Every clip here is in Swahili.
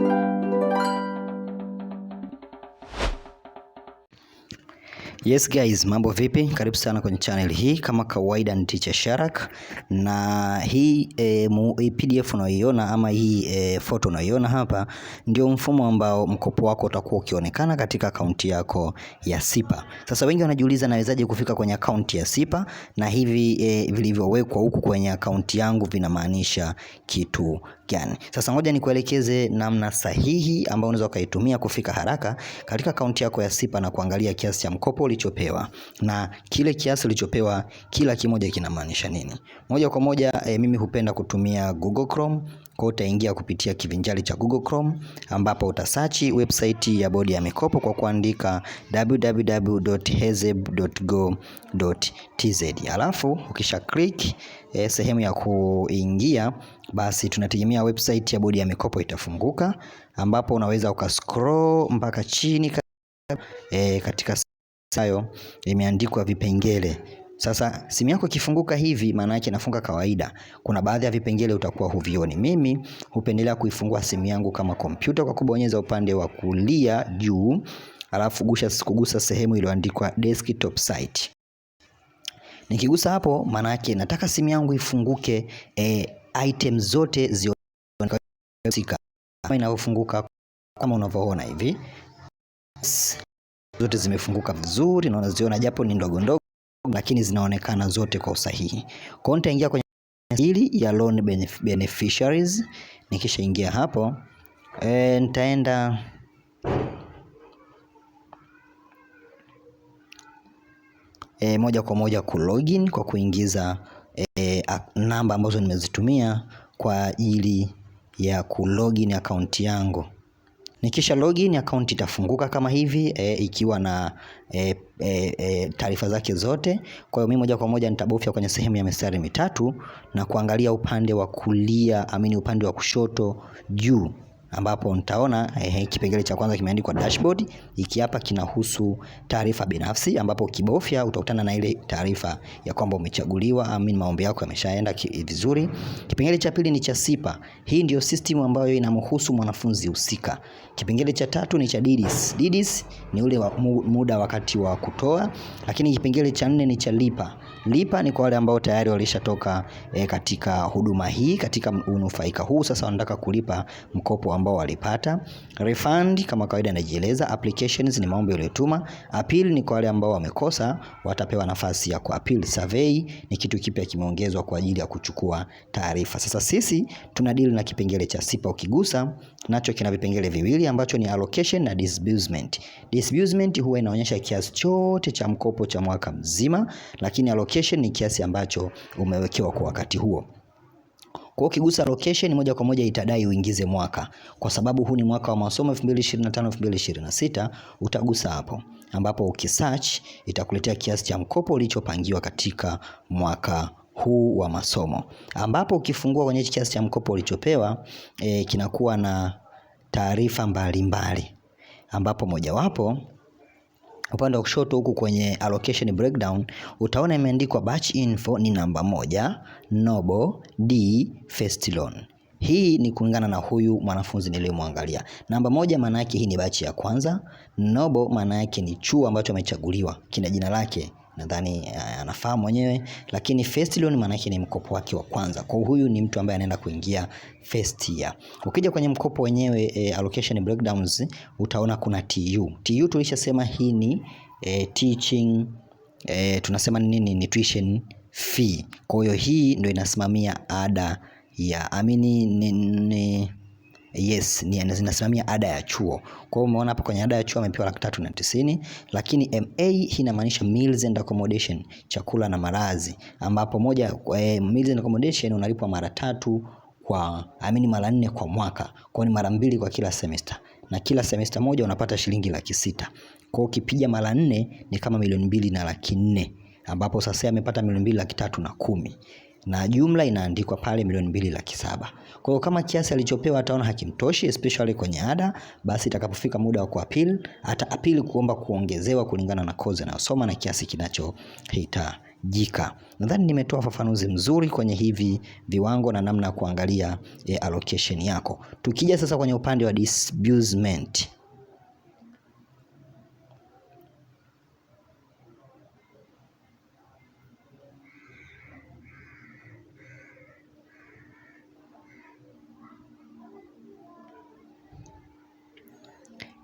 Thank you. Yes guys, mambo vipi? Karibu sana kwenye channel hii, kama kawaida ni Teacher Sharak, na hii e, mu, e, PDF unayoiona ama hii e, photo unayoiona hapa ndio mfumo ambao mkopo wako utakuwa ukionekana katika akaunti yako ya Sipa. Sasa wengi wanajiuliza nawezaje kufika kwenye akaunti ya Sipa, na hivi e, vilivyowekwa huku kwenye akaunti yangu vinamaanisha kitu gani? Sasa ngoja nikuelekeze namna sahihi ambayo unaweza ukaitumia kufika haraka katika akaunti yako ya Sipa na kuangalia kiasi cha mkopo ulichopewa na kile kiasi ulichopewa, kila kimoja kinamaanisha nini. Moja kwa moja e, mimi hupenda kutumia Google Chrome. Kwa utaingia kupitia kivinjali cha Google Chrome ambapo utasachi website ya bodi ya mikopo kwa kuandika www.hezeb.go.tz. Alafu ukisha click e, sehemu ya kuingia basi tunategemea website ya bodi ya mikopo itafunguka ambapo unaweza ukascroll mpaka chini e, katika Sayo imeandikwa vipengele. Sasa simu yako ikifunguka hivi maana yake inafunga kawaida. Kuna baadhi ya vipengele utakuwa huvioni. Mimi hupendelea kuifungua simu yangu kama kompyuta kwa kubonyeza upande wa kulia juu, alafu gusha kugusa sehemu iliyoandikwa desktop site. Nikigusa hapo maana yake nataka simu yangu ifunguke e, item zote zionekane kama inavyofunguka kama unavyoona hivi zote zimefunguka vizuri na unaziona japo ni ndogo ndogo, lakini zinaonekana zote kwa usahihi. Kwa hiyo nitaingia kwenye hili ya loan beneficiaries, nikisha ingia hapo e, nitaenda e, moja kwa moja ku login kwa kuingiza e, namba ambazo nimezitumia kwa ajili ya ku login akaunti yangu. Nikisha login account itafunguka kama hivi e, ikiwa na e, e, e, taarifa zake zote. Kwa hiyo mimi moja kwa moja nitabofya kwenye sehemu ya mistari mitatu na kuangalia upande wa kulia, amini upande wa kushoto juu ambapo nitaona eh, kipengele cha kwanza kimeandikwa dashboard. Hiki hapa kinahusu taarifa binafsi, ambapo kibofya utakutana na ile taarifa ya kwamba umechaguliwa, amini maombi yako yameshaenda vizuri. Kipengele cha pili ni cha sipa. Hii ndio system ambayo inamhusu mwanafunzi husika. Kipengele cha tatu ni cha didis. Didis ni ule wa muda wakati wa kutoa, lakini kipengele cha nne ni cha lipa. Lipa ni kwa wale ambao tayari walishatoka e, katika huduma hii, katika unufaika huu, sasa wanataka kulipa mkopo ambao walipata. Refund kama kawaida inajieleza. Applications ni maombi uliyotuma. Appeal ni kwa wale ambao wamekosa, watapewa nafasi ya ku appeal. Survey ni kitu kipya kimeongezwa kwa ajili ya kuchukua taarifa. Sasa sisi tuna deal na kipengele cha sipa, ukigusa nacho kina vipengele viwili ambacho ni allocation na disbursement. Disbursement huwa inaonyesha kiasi chote cha mkopo cha mwaka mzima, lakini allocation location ni kiasi ambacho umewekewa kwa wakati huo. Kwa ukigusa location moja kwa moja itadai uingize mwaka, kwa sababu huu ni mwaka wa masomo 2025 2026. Utagusa hapo ambapo ukisearch itakuletea kiasi cha mkopo ulichopangiwa katika mwaka huu wa masomo, ambapo ukifungua kwenye kiasi cha mkopo ulichopewa e, kinakuwa na taarifa mbalimbali ambapo mojawapo upande wa kushoto huku kwenye allocation breakdown utaona imeandikwa batch info ni namba moja, Nobo D first loan. Hii ni kulingana na huyu mwanafunzi niliyomwangalia. Namba moja maana yake hii ni bachi ya kwanza. Nobo maana yake ni chuo ambacho amechaguliwa, kina jina lake nadhani eh, anafaa mwenyewe, lakini first loan maanake ni mkopo wake wa kwanza. Kwa huyu ni mtu ambaye anaenda kuingia first year. Ukija kwenye mkopo wenyewe e, allocation breakdowns utaona kuna TU. TU tulishasema hii ni e, teaching e, tunasema nini ni tuition fee. Kwa hiyo hii ndio inasimamia ada ya amini ni, ni Yes, ni zinasimamia ada ya chuo. Kwa hiyo umeona hapa kwenye ada ya chuo amepewa laki tatu na tisini, lakini MA hii inamaanisha meals and accommodation, chakula na malazi, ambapo moja eh, meals and accommodation unalipwa mara tatu kwa I mean mara nne kwa mwaka, kwa ni mara mbili kwa kila semester, na kila semester moja unapata shilingi laki sita. Kwa hiyo ukipiga mara nne ni kama milioni mbili na laki nne, ambapo sasa amepata milioni mbili laki tatu na kumi na jumla inaandikwa pale milioni mbili laki saba. Kwa hiyo kama kiasi alichopewa ataona hakimtoshi especially kwenye ada, basi itakapofika muda wa kuapili ataapili kuomba kuongezewa kulingana na kozi anayosoma na kiasi kinachohitajika. Nadhani nimetoa fafanuzi mzuri kwenye hivi viwango na namna ya kuangalia e, allocation yako. Tukija sasa kwenye upande wa disbursement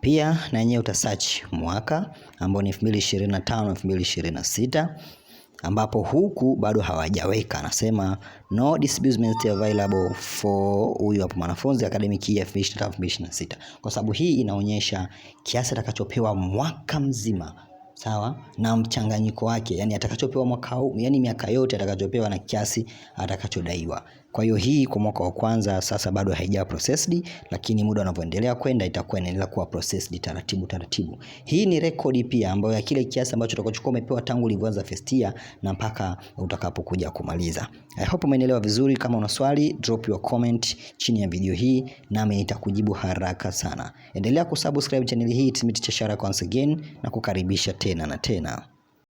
Pia na yenyewe utasearch mwaka ambao ni 2025 2026 ambapo huku bado hawajaweka, anasema no disbursement available for huyu hapo mwanafunzi academic year 2025/2026, kwa sababu hii inaonyesha kiasi atakachopewa mwaka mzima sawa na mchanganyiko wake, yani atakachopewa mwaka huu, yani miaka yote atakachopewa na kiasi atakachodaiwa. Kwa hiyo hii kwa mwaka wa kwanza sasa bado haija processed, lakini muda unavyoendelea kwenda itakuwa inaendelea kuwa processed taratibu taratibu. Hii ni rekodi pia ambayo ya kile kiasi ambacho utakachokuwa umepewa tangu ulivyoanza first year na mpaka utakapokuja kumaliza. I hope umeelewa vizuri. Kama una swali, drop your comment chini ya video hii nami nitakujibu haraka sana. Endelea kusubscribe channel hii, it's Meet Cheshire once again na kukaribisha tena na tena.